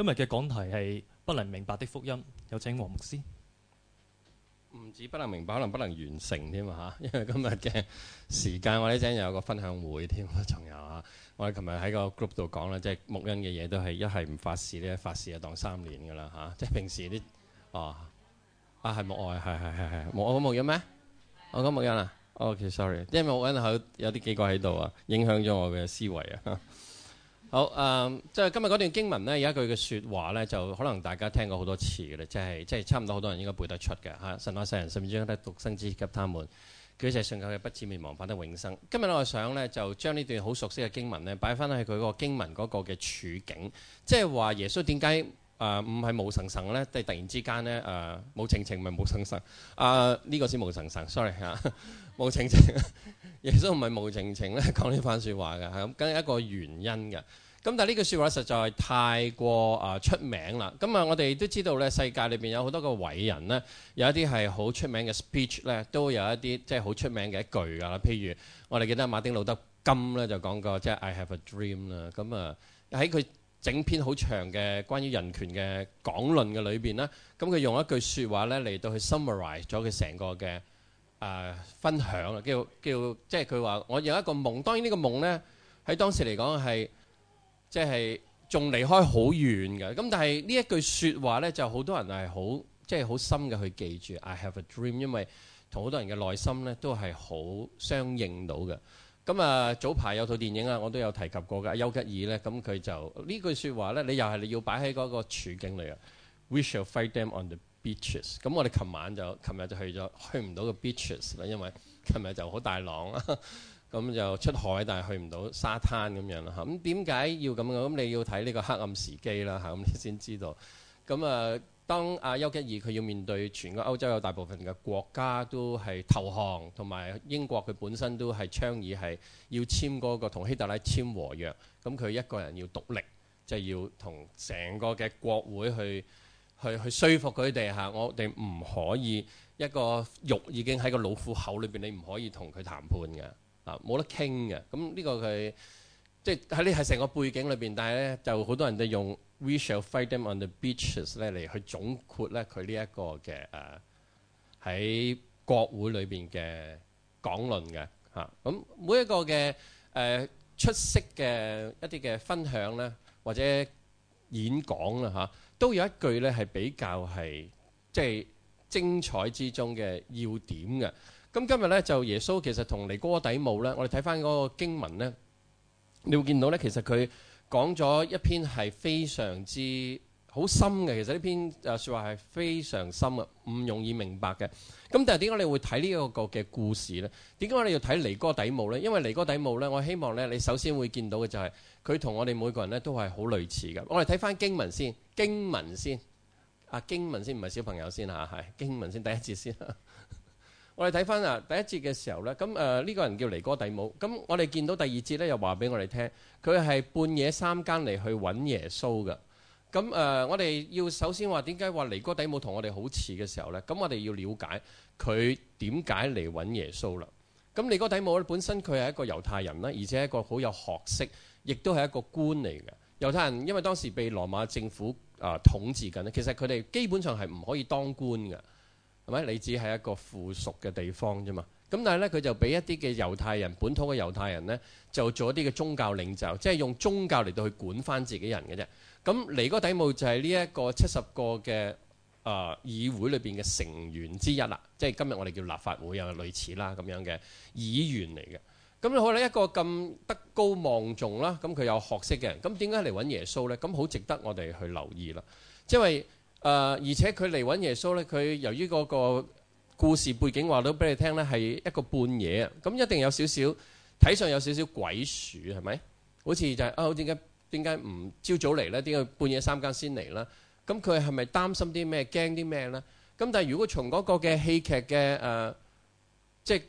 今日嘅講題係不能明白的福音，有請黃牧師。唔止不能明白，可能不能完成添嘛嚇，因為今日嘅時間，我呢陣有一個分享會添，仲有啊。我哋琴日喺個 group 度講啦，即係木恩嘅嘢都係一係唔發事，咧，發事就當三年㗎啦嚇。即係平時啲哦啊係木愛係係係係木愛木恩咩？我講木恩啊。OK，sorry，okay，因為木恩佢有啲幾個喺度啊，影響咗我嘅思維啊。 好誒，即、嗯、係今日嗰段經文呢，有一句嘅説話呢，就可能大家聽過好多次嘅咧，即係即係差唔多好多人應該背得出嘅嚇、啊。神愛世人，甚至將得獨生子給他們，叫一切信佢嘅不至滅亡，反得永生。今日我想呢，就將呢段好熟悉嘅經文呢，擺翻去佢個經文嗰個嘅處境，即係話耶穌點解誒唔係無神神呢？即係突然之間呢，誒、呃、冇情情，咪冇神神啊？呢個先無神神，呃這個、無神，神，sorry 嚇。 無情情，耶穌唔係無情情咧，講呢番説話嘅，係咁梗係一個原因嘅。咁但係呢句説話實在太過啊出名啦。咁啊，我哋都知道咧，世界裏邊有好多個偉人咧，有一啲係好出名嘅 speech 咧，都有一啲即係好出名嘅一句㗎啦。譬如我哋記得馬丁路德金咧，就講過即係 I have a dream 啦。咁啊，喺佢整篇好長嘅關於人權嘅講論嘅裏邊呢，咁佢用一句説話咧嚟到去 summarize 咗佢成個嘅。誒分享啊，叫叫即係佢話我有一個夢，當然呢個夢咧喺當時嚟講係即係仲離開好遠嘅。咁但係呢一句説話咧，就好多人係好即係好深嘅去記住。I have a dream，因為同好多人嘅內心咧都係好相應到嘅。咁啊，早排有套電影啊，我都有提及過嘅。丘吉爾咧，咁佢就呢句説話咧，你又係你要擺喺嗰個處境裏啊。We shall fight them on the Beaches，咁我哋琴晚就琴日就去咗去唔到嘅 beaches 啦，因為琴日就好大浪，咁就出海但係去唔到沙灘咁樣啦。咁點解要咁樣？咁你要睇呢個黑暗時機啦，咁你先知道。咁啊，當阿丘、啊、吉爾佢要面對全個歐洲有大部分嘅國家都係投降，同埋英國佢本身都係倡議係要簽嗰、嗰個同希特拉簽和約，咁佢一個人要獨立，即、就係、要同成個嘅國會去。去去說服佢哋嚇，我哋唔可以一個肉已經喺個老虎口裏邊，你唔可以同佢談判嘅啊，冇得傾嘅。咁呢個佢即係喺係成個背景裏邊，但係咧就好多人哋用 We shall fight them on the beaches 咧嚟去總括咧佢呢一個嘅誒喺國會裏邊嘅講論嘅嚇。咁、啊啊、每一個嘅誒、啊、出色嘅一啲嘅分享咧，或者演講啦嚇。啊都有一句呢，係比較係即係精彩之中嘅要點嘅。咁今日呢，就耶穌其實同尼哥底母呢，我哋睇返嗰個經文呢，你會見到呢，其實佢講咗一篇係非常之。好深嘅，其實呢篇説話係非常深嘅，唔容易明白嘅。咁但係點解你會睇呢一個嘅故事咧？點解我哋要睇尼哥底母呢？因為尼哥底母呢，我希望咧，你首先會見到嘅就係佢同我哋每個人咧都係好類似嘅。我哋睇翻經文先，經文先，啊經文先唔係小朋友先嚇，係經文先第一節先。 我哋睇翻啊第一節嘅時候呢，咁誒呢個人叫尼哥底母。咁我哋見到第二節呢，又話俾我哋聽，佢係半夜三更嚟去揾耶穌嘅。咁、呃、我哋要首先話點解話尼哥底母同我哋好似嘅時候呢？咁我哋要了解佢點解嚟揾耶穌啦。咁尼哥底母本身佢係一個猶太人啦，而且係一個好有學識，亦都係一個官嚟嘅猶太人。因為當時被羅馬政府啊、呃、統治緊呢，其實佢哋基本上係唔可以當官㗎，係咪？你只係一個附屬嘅地方啫嘛。咁但係呢，佢就俾一啲嘅猶太人本土嘅猶太人呢，就做一啲嘅宗教領袖，即係用宗教嚟到去管返自己人嘅啫。咁嚟尼哥底母就係呢一個七十個嘅誒、呃、議會裏邊嘅成員之一啦，即係今日我哋叫立法會啊，類似啦咁樣嘅議員嚟嘅。咁你好啦，一個咁德高望重啦，咁佢有學識嘅人，咁點解嚟揾耶穌呢？咁好值得我哋去留意啦。因為誒、呃，而且佢嚟揾耶穌呢，佢由於嗰個故事背景話到俾你聽呢，係一個半夜啊，咁一定有少少睇上有少少鬼鼠，係咪？好似就係、是、啊，點解？點解唔朝早嚟呢？點解半夜三更先嚟呢？咁佢係咪擔心啲咩？驚啲咩呢？咁但係如果從嗰個嘅戲劇嘅誒、呃，即係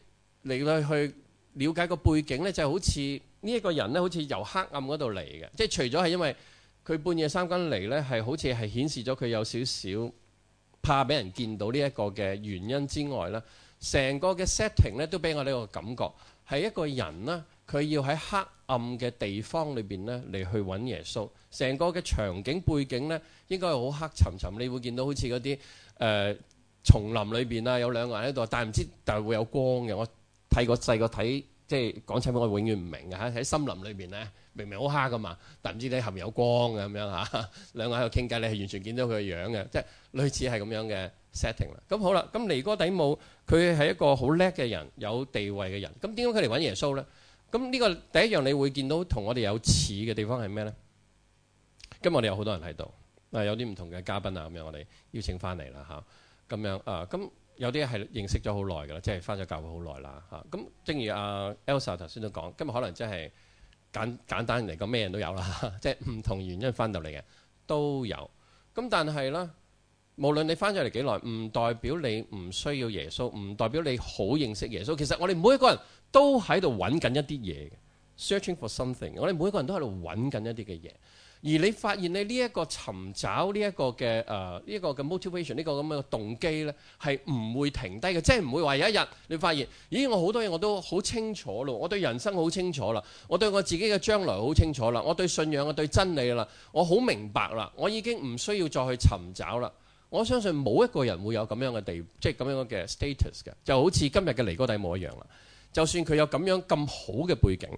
嚟去去了解個背景呢，就係、好似呢一個人呢，好似由黑暗嗰度嚟嘅。即係除咗係因為佢半夜三更嚟呢，係好似係顯示咗佢有少少怕俾人見到呢一個嘅原因之外呢，成個嘅 setting 呢，都俾我呢個感覺係一個人呢，佢要喺黑暗嘅地方裏邊呢，你去揾耶穌，成個嘅場景背景呢，應該係好黑沉沉。你會見到好似嗰啲誒叢林裏邊啊，有兩個人喺度，但係唔知，但係會有光嘅。我睇個細個睇，即係講親我永遠唔明嘅。喺森林裏面呢，明明好黑噶嘛，但唔知你後面有光嘅咁樣吓。兩個喺度傾偈，你係完全見到佢嘅樣嘅，即係類似係咁樣嘅 setting 啦。咁好啦，咁尼哥底母佢係一個好叻嘅人，有地位嘅人。咁點解佢嚟搵耶穌呢？咁呢個第一樣，你會見到同我哋有似嘅地方係咩呢？今日我哋有好多人喺度，啊有啲唔同嘅嘉賓啊咁樣，我哋邀請翻嚟啦嚇，咁樣啊咁有啲係認識咗好耐噶啦，即係翻咗教會好耐啦嚇。咁、啊、正如阿、啊、Elsa 頭先都講，今日可能真係簡簡單嚟講，咩人都有啦，即係唔同原因翻到嚟嘅都有。咁但係啦，無論你翻咗嚟幾耐，唔代表你唔需要耶穌，唔代表你好認識耶穌。其實我哋每一個人都喺度揾緊一啲嘢嘅，searching for something。我哋每個人都喺度揾緊一啲嘅嘢，而你發現你呢一個尋找呢一個嘅，誒，呢一個嘅 motivation 呢個咁嘅動機呢，係唔會停低嘅，即係唔會話有一日你發現，咦，我好多嘢我都好清楚咯，我對人生好清楚啦，我對我自己嘅將來好清楚啦，我對信仰我對真理啦，我好明白啦，我已經唔需要再去尋找啦。我相信冇一個人會有咁樣嘅地，即係咁樣嘅 status 嘅，就，是、status，就好似今日嘅尼哥底母一樣啦。就算佢有咁樣咁好嘅背景，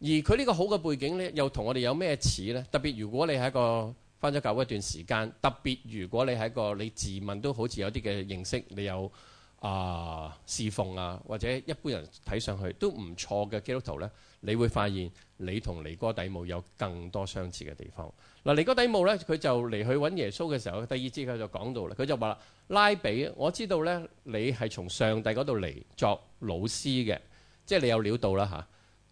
而佢呢個好嘅背景呢，又同我哋有咩似呢？特別如果你係一個返咗教會一段時間，特別如果你係一個你自問都好似有啲嘅認識，你有。啊侍奉，啊或者一般人睇上去都唔錯嘅基督徒呢，你會發現你同尼哥底母有更多相似嘅地方。嗱，尼哥底母呢，佢就嚟去揾耶穌嘅時候，第二節佢就講到啦，佢就話：拉比，我知道呢，你係從上帝嗰度嚟作老師嘅，即係你有料到啦嚇，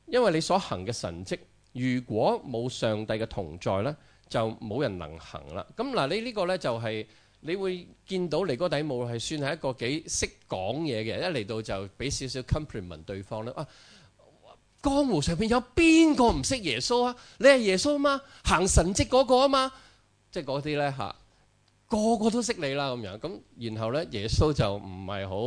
因為你所行嘅神蹟，如果冇上帝嘅同在呢，就冇人能行啦。咁嗱，你呢個呢就係、是。你會見到尼哥底母係算係一個幾識講嘢嘅，一嚟到就俾少少 compliment 對方咧。哇！江湖上邊有邊個唔識耶穌啊？你係耶穌啊嘛，行神蹟嗰個啊嘛，即係嗰啲咧嚇，個個都識你啦咁樣。咁然後咧，耶穌就唔係好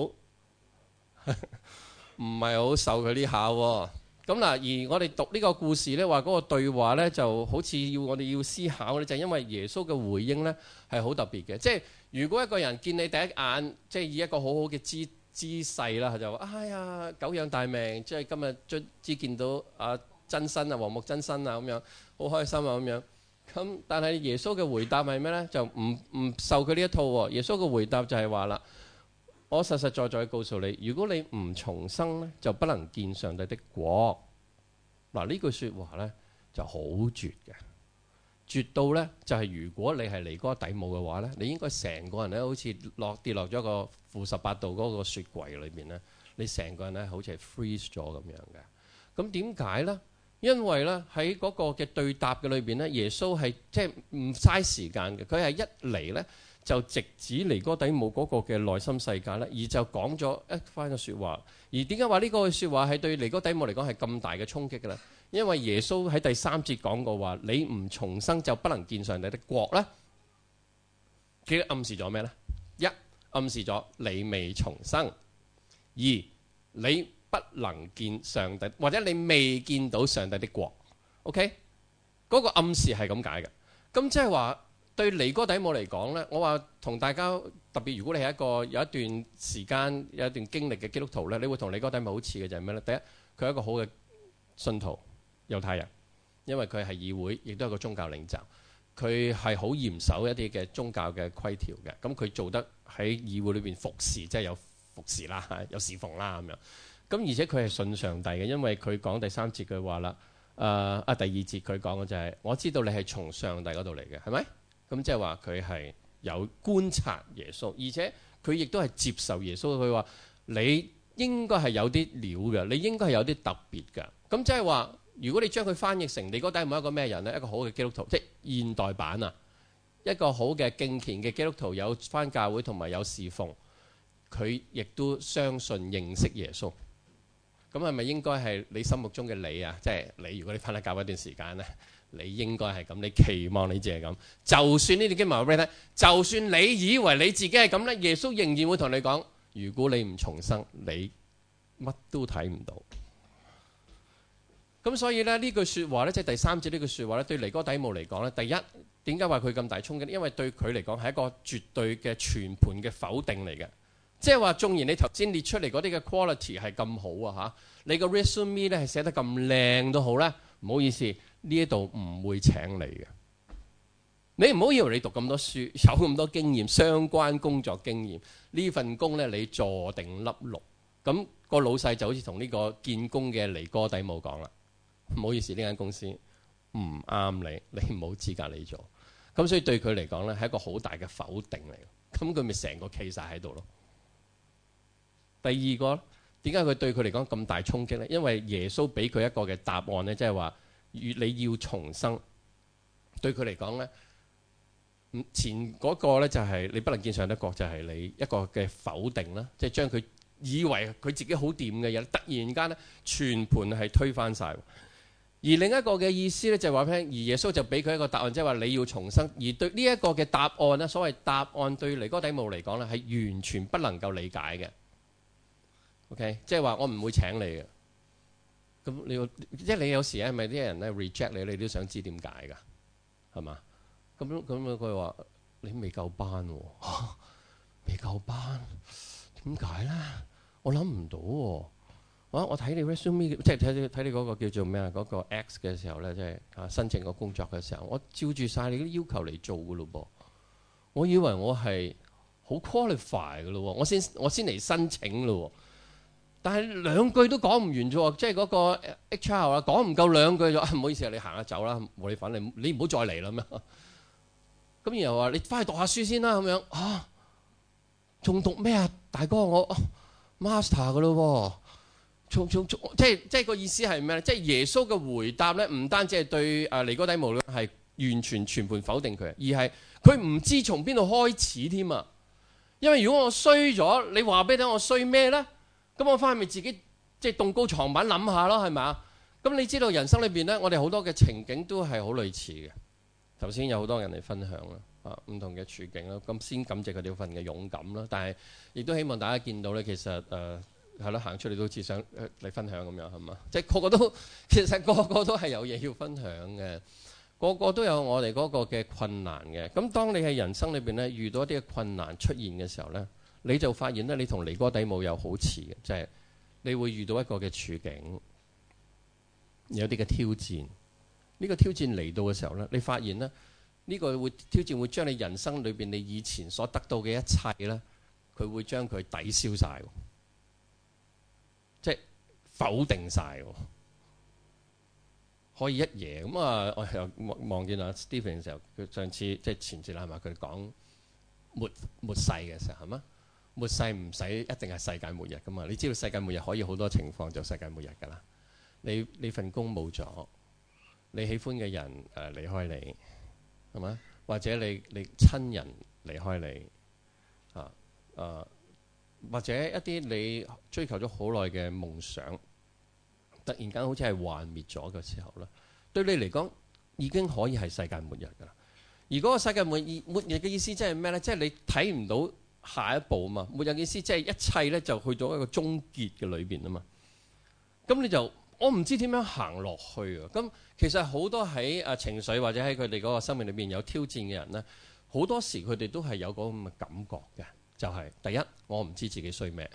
唔係好受佢呢下喎。咁嗱，而我哋讀呢個故事呢，話嗰個對話呢，就好似要我哋要思考呢，就係因為耶穌嘅回應呢，係好特別嘅。即係如果一個人見你第一眼，即係以一個好好嘅姿姿勢啦，就話：哎呀，久仰大名，即係今日卒之見到啊真身啊，黃牧真身啊，咁樣好開心啊，咁樣。咁但係耶穌嘅回答係咩呢？就唔唔受佢呢一套喎。耶穌嘅回答就係話啦。我實實在在告訴你，如果你唔重生呢，就不能見上帝的國。嗱，呢句説話呢就好絕嘅，絕到呢，就係、是、如果你係尼哥底母嘅話呢，你應該成個人呢好似落跌落咗個負十八度嗰個雪櫃裏面呢，你成個人呢好似係 freeze 咗咁樣嘅。咁點解呢？因為呢，喺嗰個嘅對答嘅裏邊呢，耶穌係即係唔嘥時間嘅，佢係一嚟呢。就直指尼哥底母嗰個嘅內心世界咧，而就講咗一番嘅説話。而點解話呢個説話係對尼哥底母嚟講係咁大嘅衝擊嘅咧？因為耶穌喺第三節講過話：你唔重生就不能見上帝的國咧。其實暗示咗咩咧？一暗示咗你未重生，二你不能見上帝，或者你未見到上帝的國。OK，嗰個暗示係咁解嘅。咁即係話。對尼哥底母嚟講呢，我話同大家特別，如果你係一個有一段時間有一段經歷嘅基督徒呢，你會同尼哥底母好似嘅就係咩呢？第一，佢係一個好嘅信徒猶太人，因為佢係議會，亦都係個宗教領袖，佢係好嚴守一啲嘅宗教嘅規條嘅。咁佢做得喺議會裏邊服侍，即係有服侍啦，有侍奉啦咁樣。咁而且佢係信上帝嘅，因為佢講第三節佢話啦，啊第二節佢講嘅就係我知道你係從上帝嗰度嚟嘅，係咪？咁即係話佢係有觀察耶穌，而且佢亦都係接受耶穌。佢話：你應該係有啲料㗎，你應該係有啲特別㗎。咁即係話，如果你將佢翻譯成你嗰底唔係一個咩人呢？一個好嘅基督徒，即係現代版啊，一個好嘅敬虔嘅基督徒，有翻教會同埋有侍奉，佢亦都相信認識耶穌。咁係咪應該係你心目中嘅你啊？即係你，如果你翻嚟教會一段時間呢。你應該係咁，你期望你自己係咁。就算呢啲經文，就算你以為你自己係咁咧，耶穌仍然會同你講，如果你唔重生，你乜都睇唔到。咁所以咧，呢句説話呢，即係第三節呢句説話呢對尼哥底母嚟講呢，第一點解話佢咁大衝擊咧？因為對佢嚟講係一個絕對嘅全盤嘅否定嚟嘅，即係話縱然你頭先列出嚟嗰啲嘅 quality 係咁好啊嚇，你個 resume 呢係寫得咁靚都好咧，唔好意思。呢一度唔會請你嘅，你唔好以為你讀咁多書，有咁多經驗，相關工作經驗，呢份工呢，你坐定粒碌，咁個老細就好似同呢個建工嘅尼哥底母講啦，唔好意思，呢間公司唔啱你，你唔好資格你做，咁所以對佢嚟講呢，係一個好大嘅否定嚟，咁佢咪成個企晒喺度咯。第二個點解佢對佢嚟講咁大衝擊呢？因為耶穌俾佢一個嘅答案呢，即係話。越你要重生，對佢嚟講呢，前嗰個咧就係、是、你不能見上帝國，就係、是、你一個嘅否定啦，即係將佢以為佢自己好掂嘅嘢，突然間咧全盤係推翻晒。而另一個嘅意思呢，就係話俾你聽，而耶穌就俾佢一個答案，即係話你要重生。而對呢一個嘅答案咧，所謂答案對尼哥底母嚟講呢係完全不能夠理解嘅。OK，即係話我唔會請你嘅。咁你即係你有時咧，係咪啲人咧 reject 你，你都想知點解㗎？係嘛？咁樣咁佢話你未夠班喎、哦啊，未夠班點解咧？我諗唔到喎、哦啊。我睇你 resume 即係睇睇你嗰個叫做咩啊嗰個 x 嘅時候咧，即係啊申請個工作嘅時候，我照住晒你啲要求嚟做㗎咯噃。我以為我係好 qualified 㗎咯，我先我先嚟申請咯。但係兩句都講唔完啫，即係嗰個 HR 啊，講唔夠兩句就唔好意思啊，你行下走啦，冇你份，你你唔好再嚟啦咁樣。咁然後話你翻去讀下書先啦，咁樣吓，仲讀咩啊，大哥我、哦、master 噶咯，仲仲即係即係個意思係咩咧？即係耶穌嘅回答咧，唔單止係對啊尼哥底母咧係完全全盤否定佢，而係佢唔知從邊度開始添啊。因為如果我衰咗，你話俾我聽我衰咩咧？咁我翻去咪自己即係、就是、戙高床板諗下咯，係咪啊？咁你知道人生裏邊呢，我哋好多嘅情景都係好類似嘅。頭先有好多人嚟分享啦，啊，唔同嘅處境啦，咁先感謝佢哋份嘅勇敢啦。但係亦都希望大家見到呢，其實誒係咯，行、啊、出嚟都似想嚟分享咁樣係嘛？即係、就是、個個都其實個個都係有嘢要分享嘅，個個都有我哋嗰個嘅困難嘅。咁當你喺人生裏邊呢，遇到一啲嘅困難出現嘅時候呢。你就發現咧，你同尼哥底母有好似嘅，就係、是、你會遇到一個嘅處境，有啲嘅挑戰。呢、這個挑戰嚟到嘅時候咧，你發現咧，呢個會挑戰會將你人生裏邊你以前所得到嘅一切咧，佢會將佢抵消晒，即係否定晒。可以一夜咁啊！我望見阿 Stephen 嘅時候，佢上次即係前節係咪？佢講末末世嘅時候係嗎？末世唔使一定係世界末日噶嘛？你知道世界末日可以好多情況就世界末日噶啦，你你份工冇咗，你喜歡嘅人誒離開你係嘛？或者你你親人離開你啊誒、啊？或者一啲你追求咗好耐嘅夢想，突然間好似係幻滅咗嘅時候咧，對你嚟講已經可以係世界末日噶啦。而嗰個世界末日末日嘅意思即係咩咧？即係你睇唔到。下一步啊嘛，沒有意思，即係一切咧就，就去到一個終結嘅裏邊啊嘛。咁你就我唔知點樣行落去啊。咁其實好多喺啊情緒或者喺佢哋嗰個生命裏邊有挑戰嘅人咧，好多時佢哋都係有嗰咁嘅感覺嘅，就係，第一我唔知自己衰咩？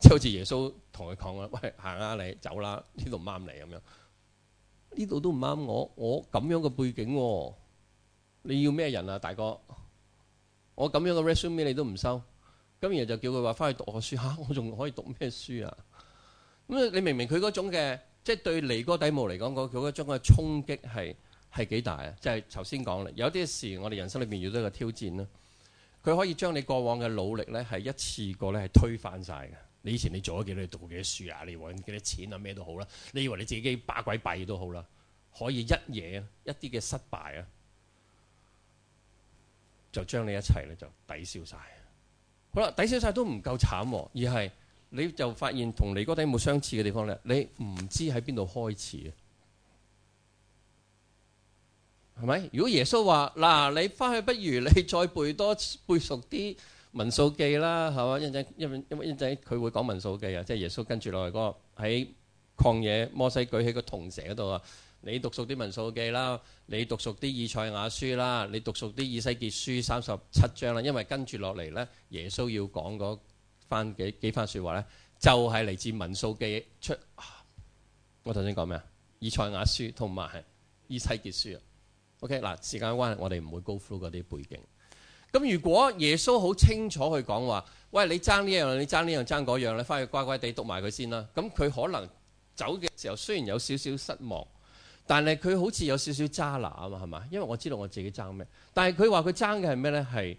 即係好似耶穌同佢講啊，喂行啊你走啦，呢度唔啱你咁樣，呢度都唔啱我，我咁樣嘅背景，你要咩人啊大哥？我咁樣嘅 resume 你都唔收，咁然後就叫佢話翻去讀學書嚇、啊，我仲可以讀咩書啊？咁你明唔明佢嗰種嘅，即、就、係、是、對尼哥底母嚟講，佢嗰種嘅衝擊係係幾大啊？即係頭先講啦，有啲事我哋人生裏面遇到個挑戰啦，佢可以將你過往嘅努力咧係一次過咧係推翻晒。嘅。你以前你做咗幾多嘢，讀過幾多書啊？你揾幾多錢啊？咩都好啦，你以為你自己巴鬼閉都好啦，可以一嘢一啲嘅失敗啊！就將你一切咧，就抵消曬。好啦，抵消晒都唔夠慘、啊，而係你就發現同尼哥底母有冇相似嘅地方咧？你唔知喺邊度開始啊？係咪？如果耶穌話：嗱、啊，你翻去不如你再背多背熟啲民數記啦，係嘛？一陣一陣一陣，佢會,會講民數記啊。即、就、係、是、耶穌跟住落嚟嗰個喺曠野，摩西舉起個銅蛇嗰度啊。你讀熟啲民數記啦，你讀熟啲以賽亞書啦，你讀熟啲以西結書三十七章啦，因為跟住落嚟呢，耶穌要講嗰翻幾幾番説話呢，就係、是、嚟自民數記出。我頭先講咩啊？以賽亞書同埋以西結書啊。OK 嗱，時間關係，我哋唔會 go through 嗰啲背景。咁如果耶穌好清楚去講話，喂，你爭呢樣，你爭呢樣，爭嗰樣咧，返去乖乖地讀埋佢先啦。咁佢可能走嘅時候，雖然有少少失望。但係佢好似有少少渣男啊嘛，係嘛？因為我知道我自己爭咩，但係佢話佢爭嘅係咩呢？係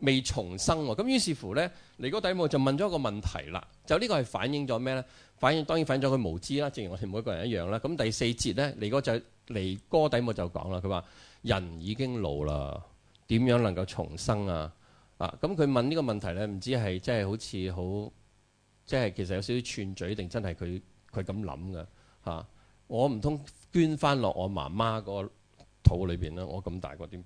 未重生喎。咁於是乎呢，尼哥底母就問咗一個問題啦。就呢個係反映咗咩呢？反映當然反映咗佢無知啦。正如我哋每個人一樣啦。咁第四節呢，尼哥就尼哥底母就講啦。佢話人已經老啦，點樣能夠重生啊？啊！咁佢問呢個問題呢，唔知係真係好似好，即係其實有少少串嘴定真係佢佢咁諗噶嚇。我唔通捐翻落我媽媽個肚裏邊啦！我咁大個點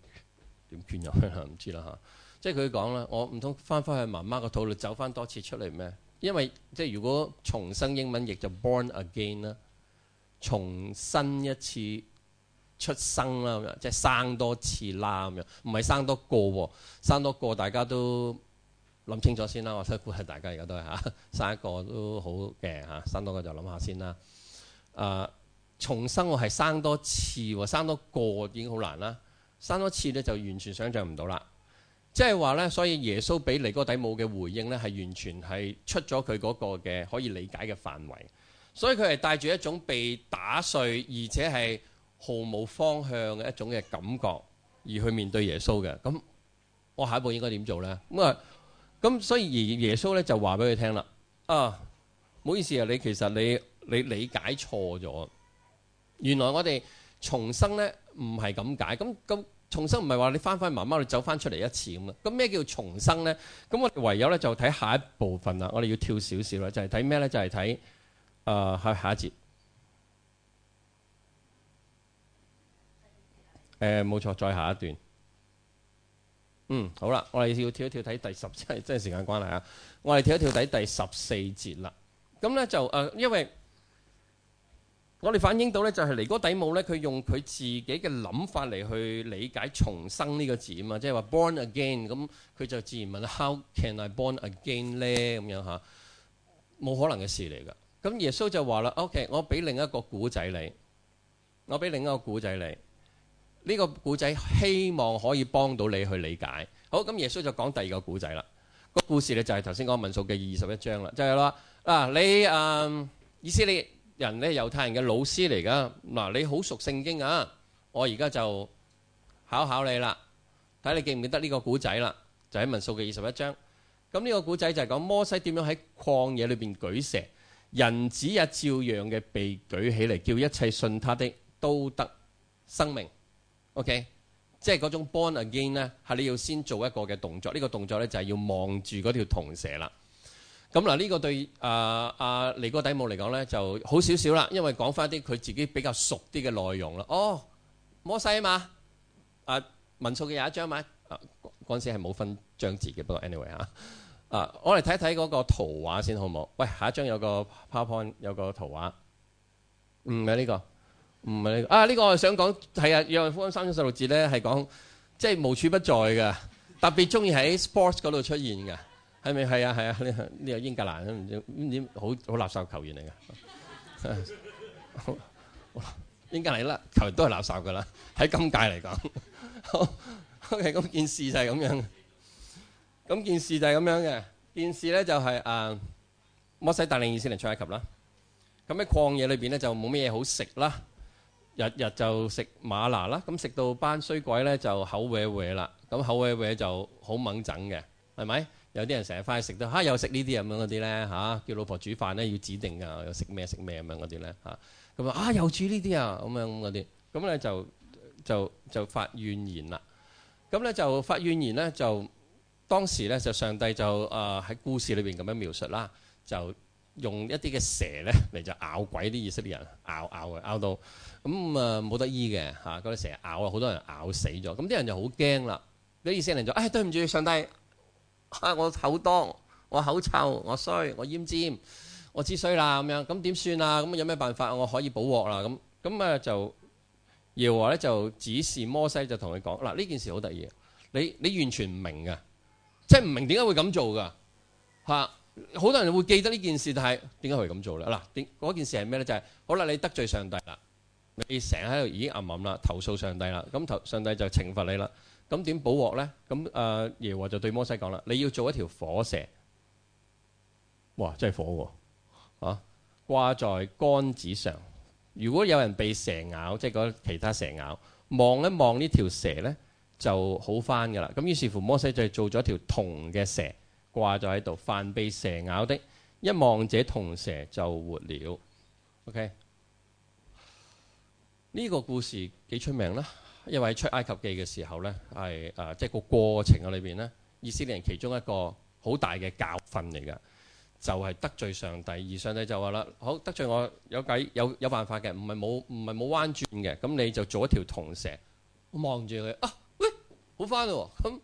點捐入去啊？唔知啦嚇。即係佢講啦，我唔通翻返去媽媽個肚度走翻多次出嚟咩？因為即係如果重生英文亦就 born again 啦，重新一次出生啦咁樣，即係生多次啦咁樣。唔係生多個喎，生多個大家都諗清楚先啦。我想鼓勵大家而家都係嚇生一個都好嘅嚇，生多個就諗下先啦。啊、呃！重生我係生多次，生多個已經好難啦。生多次咧就完全想像唔到啦，即係話咧，所以耶穌俾尼哥底母嘅回應咧，係完全係出咗佢嗰個嘅可以理解嘅範圍，所以佢係帶住一種被打碎而且係毫無方向嘅一種嘅感覺而去面對耶穌嘅。咁我下一步應該點做咧？咁啊，咁所以而耶穌咧就話俾佢聽啦：啊，唔好意思啊，你其實你你理解錯咗。原來我哋重生咧唔係咁解，咁咁重生唔係話你翻返去媽媽度，你走翻出嚟一次咁啊？咁咩叫重生咧？咁我哋唯有咧就睇下一部分啦。我哋要跳少少啦，就係睇咩咧？就係睇誒喺下一節。誒冇錯，再下一段。嗯，好啦，我哋要跳一跳睇第十七，即係時間關係啊。我哋跳一跳睇第十四節啦。咁咧就誒、呃，因為。我哋反映到呢，就係尼哥底母呢，佢用佢自己嘅諗法嚟去理解重生呢個字啊嘛，即係話 born again。咁佢就自然問 How can I born again 呢？咁樣嚇，冇可能嘅事嚟㗎。咁耶穌就話啦：OK，我俾另一個古仔你，我俾另一個古仔你。呢個古仔希望可以幫到你去理解。好，咁耶穌就講第二個古仔啦。個故事呢，就係頭先講民數記嘅二十一章啦，就係啦。嗱，你嗯以色你人咧猶太人嘅老師嚟噶，嗱你好熟聖經啊，我而家就考考你啦，睇你記唔記得呢個古仔啦，就喺民數記二十一章。咁呢個古仔就係講摩西點樣喺曠野裏面舉蛇，人子也照樣嘅被舉起嚟，叫一切信他的都得生命。OK，即係嗰種 born again 呢？係你要先做一個嘅動作，呢、呢個動作呢，就係要望住嗰條銅蛇啦。咁嗱，呢個對阿、呃、啊尼哥底母嚟講咧就好少少啦，因為講翻啲佢自己比較熟啲嘅內容啦。哦，摩西啊嘛，啊民數嘅廿一章嘛，嗰、啊、陣時係冇分章節嘅，不過 anyway 啊我嚟睇一睇嗰個圖畫先好唔好？喂，下一張有一個 powerpoint 有個圖畫，唔係呢個，唔係呢個，啊呢、這個我想講係啊約翰福音三，三章十六節咧係講即係無處不在嘅，特別中意喺 sports 嗰度出現嘅。係咪係啊係啊？呢呢個英格蘭都唔知點好好垃圾球員嚟㗎。 英格蘭啦，球員都係垃圾㗎啦。喺今屆嚟講，好，好 OK。咁件事就係咁樣。咁件事就係咁樣嘅。件事咧就係誒摩西帶領以色列出埃及啦。咁喺曠野裏邊咧就冇咩嘢好食啦。日日就食馬哪啦。咁食到班衰鬼咧就口歪歪啦。咁口歪歪就好掹憎嘅，係咪？有啲人成日快去食都嚇，又、啊、食呢啲咁樣嗰啲咧嚇，叫老婆煮飯咧要指定㗎，又食咩食咩咁樣嗰啲咧嚇。咁啊，又煮呢啲啊，咁樣嗰啲，咁咧就就就發怨言啦。咁咧就發怨言咧，就當時咧就上帝就誒喺、呃、故事裏邊咁樣描述啦，就用一啲嘅蛇咧嚟 就咬鬼啲以色列人，咬咬嘅，咬到咁啊冇得醫嘅嚇。嗰啲蛇咬啊，好多人咬死咗。咁啲人就好驚啦。啲以色列人就唉、哎，對唔住上帝。啊！我口多，我口臭，我衰，我奄尖，我知衰啦咁樣，咁點算啊？咁有咩辦法我可以補鑊啦？咁咁啊就耶和華咧就指示摩西就同佢講，嗱，呢件事好得意，你你完全唔明噶即係唔明點解會咁做噶吓？好多人會記得呢件事，但係點解會咁做咧？嗱，點嗰件事係咩咧？就係、是、好啦，你得罪上帝啦，你成日喺度已經暗暗啦，投訴上帝啦，咁投上帝就懲罰你啦。咁點補鑊呢？咁誒、呃，耶和就對摩西講啦，你要做一條火蛇。哇，真係火喎、啊！啊，掛在桿子上。如果有人被蛇咬，即係嗰其他蛇咬，望一望呢條蛇呢，就好翻噶啦。咁於是乎，摩西就做咗條銅嘅蛇，掛咗喺度。凡被蛇咬的，一望這銅蛇就活了。OK，呢個故事幾出名啦。因為喺出埃及記嘅時候咧，係誒即係個過程嘅裏邊咧，以色列人其中一個好大嘅教訓嚟嘅，就係、是、得罪上帝，而上帝就話啦，好，得罪我有計，有有辦法嘅，唔係冇唔係冇彎轉嘅。咁你就做一條銅蛇，望住佢啊喂，好翻喎！咁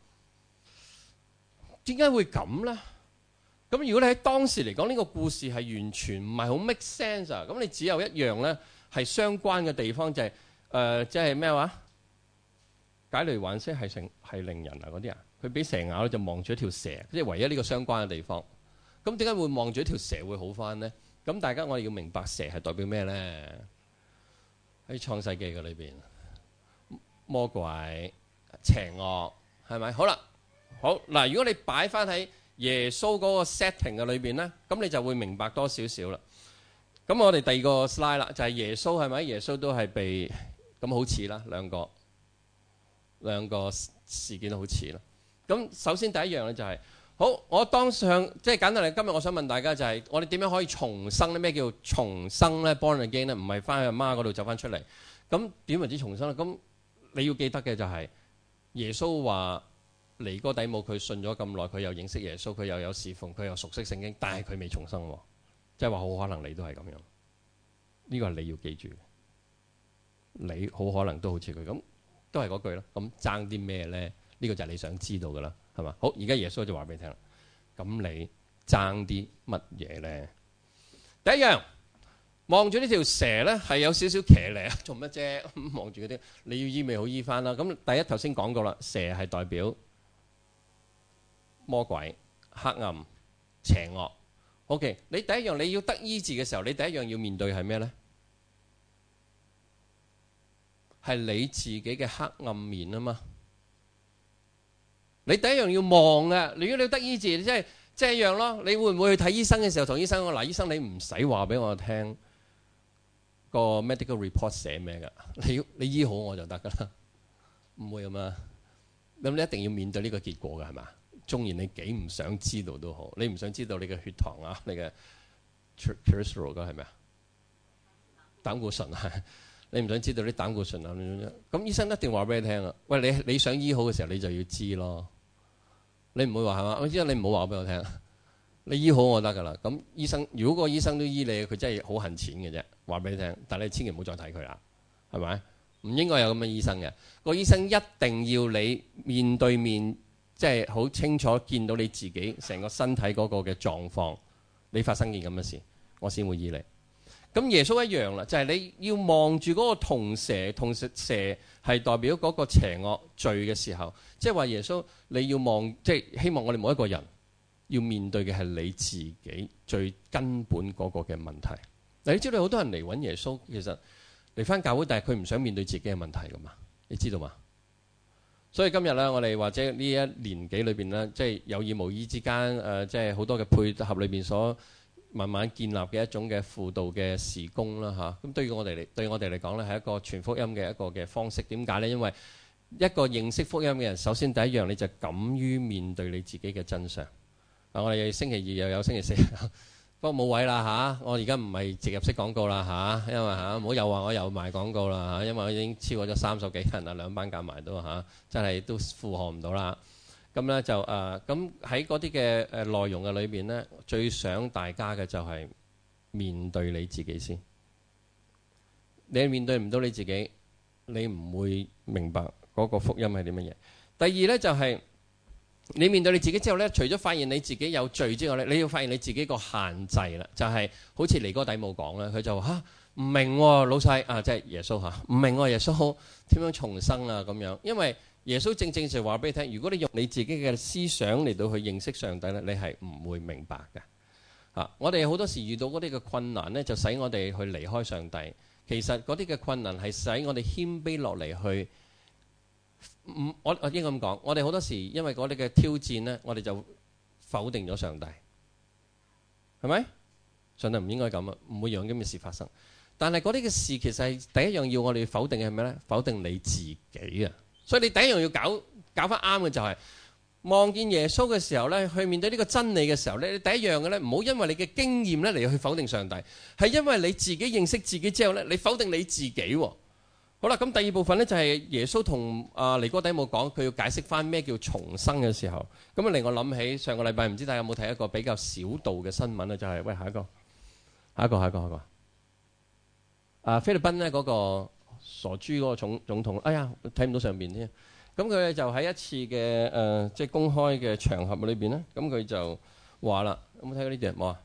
點解會咁咧？咁如果你喺當時嚟講，呢、這個故事係完全唔係好 make sense 啊！咁你只有一樣咧係相關嘅地方就係、是、誒，即係咩話？就是解雷幻色係成係令人啊，嗰啲人，佢俾蛇咬就望住一條蛇，即係唯一呢個相關嘅地方。咁點解會望住一條蛇會好翻呢？咁大家我哋要明白蛇係代表咩呢？喺創世記嘅裏邊，魔鬼邪惡係咪？好啦，好嗱，如果你擺翻喺耶穌嗰個 setting 嘅裏邊呢，咁你就會明白多少少啦。咁我哋第二個 slide 啦，就係耶穌係咪？耶穌都係被咁好似啦兩個。兩個事件都好似咯。咁首先第一樣咧就係，好，我當上即係簡單嚟。今日我想問大家就係，我哋點樣可以重生呢？咩叫重生咧？Born again 咧？唔係翻去阿媽嗰度走翻出嚟。咁點為之重生咧？咁你要記得嘅就係，耶穌話尼哥底母佢信咗咁耐，佢又認識耶穌，佢又有侍奉，佢又熟悉聖經，但係佢未重生喎。即係話好可能你都係咁樣。呢個係你要記住。你好可能都好似佢咁。都係嗰句咯，咁爭啲咩咧？呢個就係你想知道嘅啦，係嘛？好，而家耶穌就話俾你聽啦。咁你爭啲乜嘢咧？第一樣望住呢條蛇咧，係有少少騎嚟啊！做乜啫？望住嗰啲，你要醫未好醫翻啦。咁第一頭先講過啦，蛇係代表魔鬼、黑暗、邪惡。OK，你第一樣你要得醫治嘅時候，你第一樣要面對係咩咧？係你自己嘅黑暗面啊嘛！你第一樣要望嘅，如果你要得醫治，即係即係一樣咯。你會唔會去睇醫生嘅時候同醫生講嗱？醫生，你唔使話俾我聽個 medical report 寫咩噶？你醫你，你醫好我就得噶啦。唔會啊嘛。咁你一定要面對呢個結果噶係嘛？縱然你幾唔想知道都好，你唔想知道你嘅血糖啊，你嘅 triglyceride 係咪啊？膽固醇啊。是你唔想知道啲膽固醇啊？咁醫生一定話俾你聽啊！喂，你你想醫好嘅時候，你就要知咯。你唔會話係嘛？醫生，你唔好話俾我聽。你醫好我得噶啦。咁醫生，如果個醫生都醫你，佢真係好恨錢嘅啫。話俾你聽，但你千祈唔好再睇佢啦，係咪？唔應該有咁嘅醫生嘅。個醫生一定要你面對面，即係好清楚見到你自己成個身體嗰個嘅狀況。你發生件咁嘅事，我先會醫你。咁耶穌一樣啦，就係你要望住嗰個銅蛇，銅蛇蛇係代表嗰個邪惡罪嘅時候，即係話耶穌，你要望，即係希望我哋每一個人要面對嘅係你自己最根本嗰個嘅問題。你知道好多人嚟揾耶穌，其實嚟翻教會，但係佢唔想面對自己嘅問題噶嘛，你知道嘛？所以今日呢，我哋或者呢一年紀裏面呢，即係有意無意之間，誒，即係好多嘅配合裏面所。慢慢建立嘅一種嘅輔導嘅事工啦嚇，咁對於我哋嚟，對我哋嚟講咧，係一個傳福音嘅一個嘅方式。點解呢？因為一個認識福音嘅人，首先第一樣你就敢於面對你自己嘅真相。嗱，我哋星期二又有星期四， 不過冇位啦嚇。我而家唔係植入式廣告啦嚇，因為嚇唔好又話我又賣廣告啦嚇，因為我已經超過咗三十幾人啦，兩班夾埋都嚇，真係都負荷唔到啦。咁咧就咁喺嗰啲嘅誒內容嘅裏面，咧，最想大家嘅就係面對你自己先。你面對唔到你自己，你唔會明白嗰個福音係啲乜嘢。第二咧就係、是、你面對你自己之後咧，除咗發現你自己有罪之外咧，你要發現你自己個限制啦、就是，就係好似尼哥底姆講啦，佢就話嚇唔明喎、啊，老細啊，即、就、係、是、耶穌嚇，唔、啊、明喎、啊、耶穌點樣重生啊咁樣，因為。耶穌正正就話俾你聽，如果你用你自己嘅思想嚟到去認識上帝咧，你係唔會明白嘅。我哋好多時遇到嗰啲嘅困難呢，就使我哋去離開上帝。其實嗰啲嘅困難係使我哋謙卑落嚟去。唔，我我應該咁講，我哋好多時因為嗰啲嘅挑戰呢，我哋就否定咗上帝，係咪？上帝唔應該咁啊，唔會讓咁嘅事發生。但係嗰啲嘅事其實係第一樣要我哋否定嘅係咩呢？否定你自己啊！所以你第一樣要搞搞翻啱嘅就係望見耶穌嘅時候咧，去面對呢個真理嘅時候咧，你第一樣嘅咧唔好因為你嘅經驗咧嚟去否定上帝，係因為你自己認識自己之後咧，你否定你自己喎。好啦，咁第二部分咧就係耶穌同阿尼哥底母講，佢要解釋翻咩叫重生嘅時候，咁啊令我諗起上個禮拜唔知大家有冇睇一個比較小道嘅新聞啊，就係喂下一個，下一個下一個下一個，啊菲律賓咧嗰個。傻豬嗰個總總統，哎呀睇唔到上邊添。咁佢就喺一次嘅誒、呃，即係公開嘅場合裏邊咧，咁佢就話啦：有冇睇過呢段幕啊？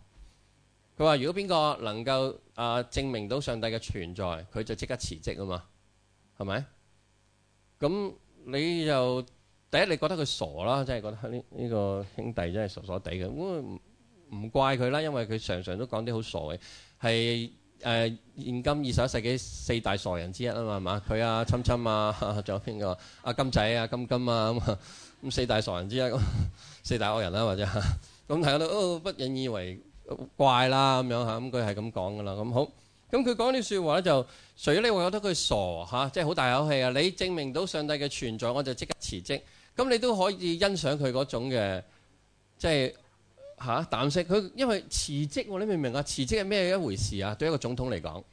佢話如果邊個能夠啊、呃、證明到上帝嘅存在，佢就即刻辭職啊嘛，係咪？咁你就第一，你覺得佢傻啦，真係覺得呢呢、呢個兄弟真係傻傻地嘅。唔唔怪佢啦，因為佢常常都講啲好傻嘅，係。誒現今二十一世紀四大傻人之一啊嘛，係嘛？佢阿侵侵啊，仲、啊、有邊個、啊？阿金仔、啊金金啊，咁咁四大傻人之一，四大惡人啦、啊、或者嚇。咁大家都不引以為怪啦，咁樣咁佢係咁講㗎啦。咁好，咁佢講啲說話咧，就誰你會覺得佢傻即係好大口氣啊！你證明到上帝嘅存在，我就即刻辭職。咁你都可以欣賞佢嗰種嘅即。嚇、啊、膽色，佢因為辭職，你明唔明啊？辭職係咩一回事啊？對一個總統嚟講，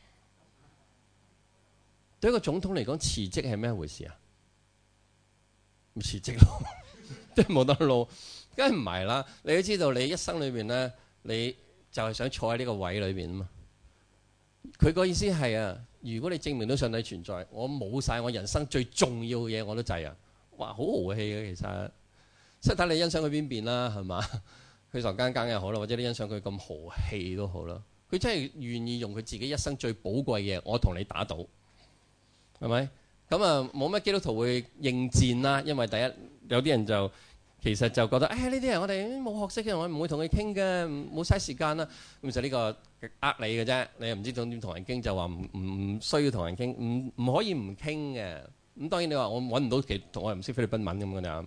對一個總統嚟講，辭職係咩回事啊？唔辭職咯， 即係冇得撈，梗係唔係啦？你都知道，你一生裏邊咧，你就係想坐喺呢個位置裏邊啊嘛。佢個意思係啊，如果你證明到上帝存在，我冇晒我人生最重要嘅嘢，我都制啊！哇，好豪氣嘅其實，即係睇你欣賞佢邊邊啦，係嘛？佢傻奸奸又好啦，或者你欣賞佢咁豪氣都好啦。佢真係願意用佢自己一生最寶貴嘅，我同你打賭，係咪？咁啊，冇乜基督徒會應戰啦。因為第一，有啲人就其實就覺得，誒，呢啲人我哋冇學識嘅，我唔會同佢傾嘅，冇嘥時間啦。其實呢個呃你嘅啫，你又唔知點點同人傾，就話唔唔需要同人傾，唔唔可以唔傾嘅。咁當然你話我揾唔到其，我唔識菲律賓文咁嘅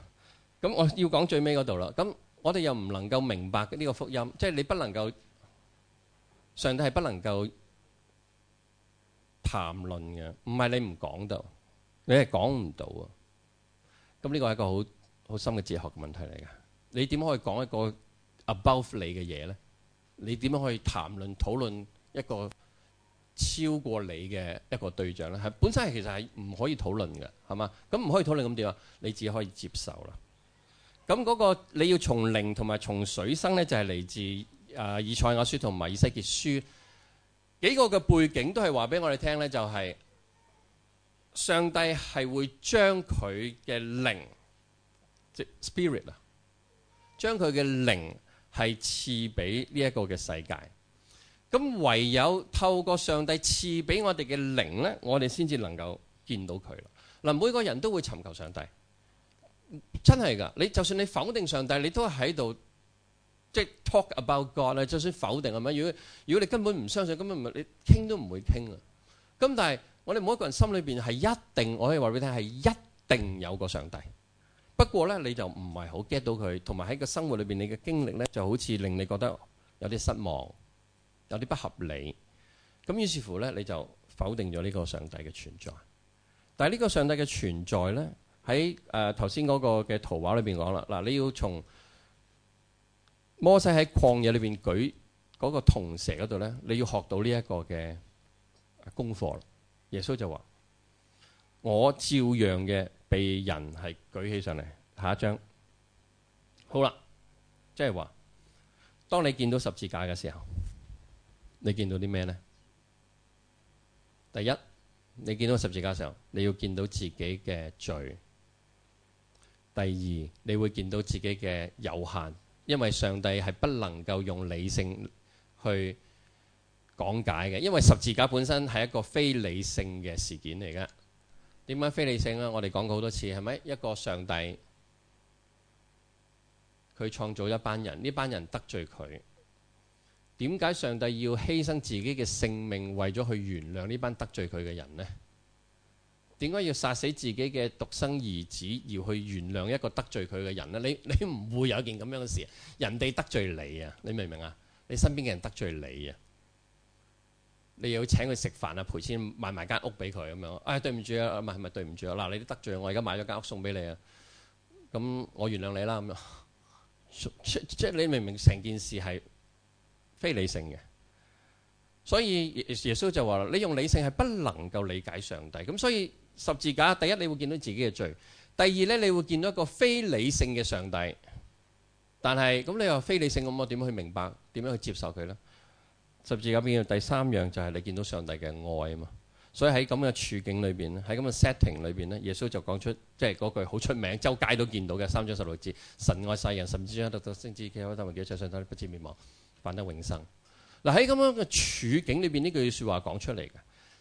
咁我要講最尾嗰度啦。咁我哋又唔能夠明白呢個福音，即係你不能夠上帝係不能夠談論嘅，唔係你唔講到，你係講唔到啊。咁呢個係一個好好深嘅哲學嘅問題嚟嘅。你點可以講一個 above 你嘅嘢咧？你點樣可以談論討論一個超過你嘅一個對象咧？係本身係其實係唔可以討論嘅，係嘛？咁唔可以討論咁點啊？你只可以接受啦。咁嗰個你要從靈同埋從水生呢，就係嚟自誒以賽亞書同埋以西結書幾個嘅背景，都係話俾我哋聽呢，就係上帝係會將佢嘅靈，即 spirit 啊，將佢嘅靈係賜俾呢一個嘅世界。咁唯有透過上帝賜俾我哋嘅靈呢，我哋先至能夠見到佢。嗱，每個人都會尋求上帝。真係噶，你就算你否定上帝，你都喺度，即係 talk about God 咧。就算否定係咪？如果如果你根本唔相信，根本唔係你傾都唔會傾啊。咁但係我哋每一個人心裏邊係一定，我可以話俾你聽，係一定有個上帝。不過呢，你就唔係好 get 到佢，同埋喺個生活裏邊，你嘅經歷呢就好似令你覺得有啲失望，有啲不合理。咁於是乎呢，你就否定咗呢個上帝嘅存在。但係呢個上帝嘅存在呢。喺誒頭先嗰個嘅圖畫裏邊講啦，嗱、啊、你要從摩西喺曠野裏邊舉嗰個銅蛇嗰度咧，你要學到呢一個嘅功課。耶穌就話：我照樣嘅被人係舉起上嚟。下一張好啦，即係話，當你見到十字架嘅時候，你見到啲咩咧？第一，你見到十字架嘅時候，你要見到自己嘅罪。第二，你會見到自己嘅有限，因為上帝係不能夠用理性去講解嘅，因為十字架本身係一個非理性嘅事件嚟㗎。點解非理性啊？我哋講過好多次，係咪一個上帝佢創造一班人，呢班人得罪佢，點解上帝要犧牲自己嘅性命為咗去原諒呢班得罪佢嘅人呢？點解要殺死自己嘅獨生兒子，而去原諒一個得罪佢嘅人咧？你你唔會有件咁樣嘅事，人哋得罪你啊？你明唔明啊？你身邊嘅人得罪你啊？你又要請佢食飯啊，賠錢買埋間屋俾佢咁樣？哎，對唔住啊，係咪對唔住啊？嗱，你都得罪我，而家買咗間屋送俾你啊？咁我原諒你啦咁樣，即即你明唔明？成件事係非理性嘅，所以耶穌就話：，你用理性係不能夠理解上帝。咁所以。十字架第一，你會見到自己嘅罪；第二咧，你會見到一個非理性嘅上帝。但係咁，你話非理性，咁我點樣去明白？點樣去接受佢咧？十字架變到第三樣就係、是、你見到上帝嘅愛嘛。所以喺咁嘅處境裏邊咧，喺咁嘅 setting 裏邊咧，耶穌就講出即係嗰句好出名，周街都見到嘅三章十六字：「神愛世人，甚至將他獨生子，叫多得上帝，不至滅亡，反得永生。嗱，喺咁樣嘅處境裏邊，呢句説話講出嚟嘅。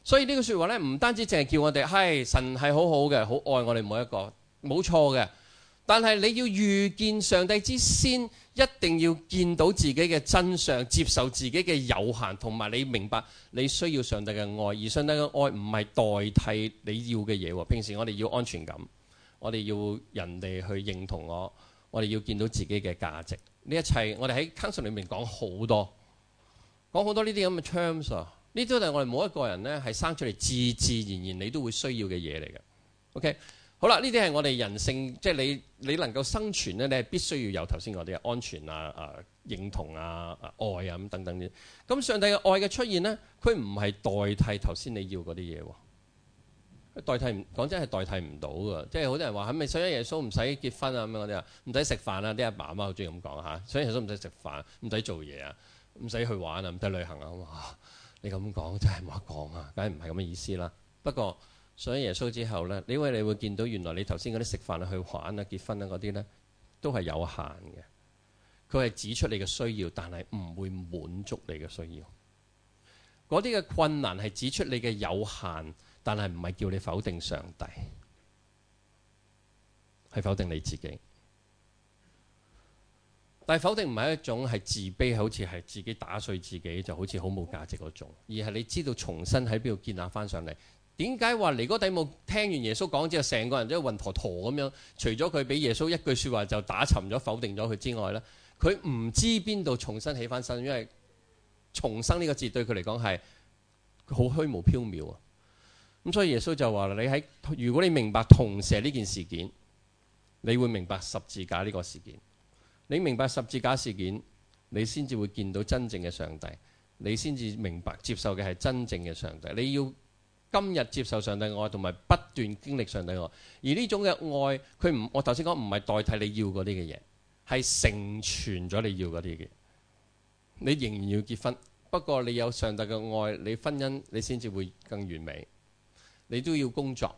所以呢句說話呢，唔單止淨係叫我哋，係、哎、神係好好嘅，好愛我哋每一個，冇錯嘅。但係你要遇見上帝之先，一定要見到自己嘅真相，接受自己嘅有限，同埋你明白你需要上帝嘅愛。而上帝嘅愛唔係代替你要嘅嘢。平時我哋要安全感，我哋要人哋去認同我，我哋要見到自己嘅價值。呢一切我哋喺 classroom 裏面講好多，講好多呢啲咁嘅 terms 呢啲都係我哋每一個人咧，係生出嚟自自然然你都會需要嘅嘢嚟嘅。OK，好啦，呢啲係我哋人性，即係你你能夠生存咧，你係必須要有頭先我啲安全啊、啊認同啊、啊愛啊咁等等啲。咁上帝嘅愛嘅出現咧，佢唔係代替頭先你要嗰啲嘢喎，代替唔，講真係代替唔到噶。即係好多人話，係咪信耶穌唔使結婚啊咁樣嗰啲啊，唔使食飯啊，啲阿爸阿媽好中意咁講吓，信耶穌唔使食飯，唔使做嘢啊，唔使去玩啊，唔使旅行啊好嘛。你咁講真係冇得講啊，梗係唔係咁嘅意思啦。不過，信耶穌之後呢，呢位你會見到原來你頭先嗰啲食飯啊、去玩啊、結婚啊嗰啲呢，都係有限嘅。佢係指出你嘅需要，但係唔會滿足你嘅需要。嗰啲嘅困難係指出你嘅有限，但係唔係叫你否定上帝，係否定你自己。但係否定唔係一種係自卑，好似係自己打碎自己，就好似好冇價值嗰種，而係你知道重新喺邊度建立翻上嚟。點解話尼哥底冇聽完耶穌講之後，成個人都係暈陀陀咁樣？除咗佢俾耶穌一句說話就打沉咗否定咗佢之外咧，佢唔知邊度重新起翻身，因為重生呢個字對佢嚟講係好虛無縹緲啊。咁所以耶穌就話啦：你喺如果你明白銅蛇呢件事件，你會明白十字架呢個事件。你明白十字架事件，你先至會見到真正嘅上帝，你先至明白接受嘅係真正嘅上帝。你要今日接受上帝嘅愛，同埋不斷經歷上帝嘅愛，而呢種嘅愛，佢唔我頭先講唔係代替你要嗰啲嘅嘢，係成全咗你要嗰啲嘅。你仍然要結婚，不過你有上帝嘅愛，你婚姻你先至會更完美。你都要工作，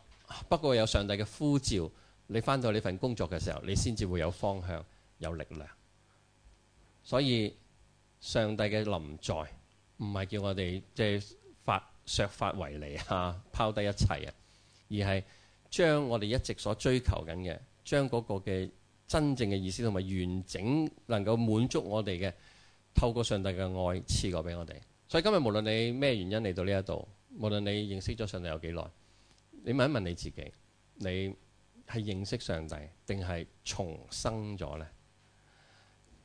不過有上帝嘅呼召，你翻到呢份工作嘅時候，你先至會有方向。有力量，所以上帝嘅臨在唔係叫我哋即係發削髮為尼吓，拋低一切啊，而係將我哋一直所追求緊嘅，將嗰個嘅真正嘅意思同埋完整能夠滿足我哋嘅，透過上帝嘅愛賜過俾我哋。所以今日無論你咩原因嚟到呢一度，無論你認識咗上帝有幾耐，你問一問你自己，你係認識上帝定係重生咗呢？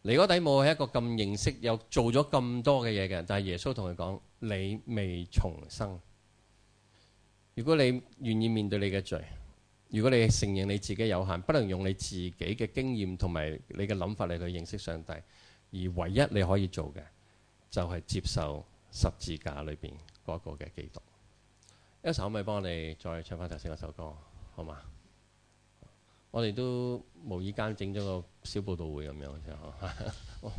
你嗰底冇係一個咁認識又做咗咁多嘅嘢嘅人，但係耶穌同佢講：你未重生。如果你願意面對你嘅罪，如果你承認你自己有限，不能用你自己嘅經驗同埋你嘅諗法嚟去認識上帝，而唯一你可以做嘅就係、是、接受十字架裏邊嗰個嘅基督。一首可唔可以幫我哋再唱翻頭先嗰首歌，好嗎？我哋都無意間整咗個小報道會咁樣，呵呵。